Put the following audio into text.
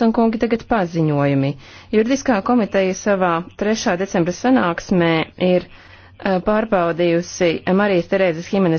un kungi tagad paziņojumi. Juridiskā komiteja savā 3. decembra sanāksmē ir eh, pārbaudījusi Marijas Terēzes Himenes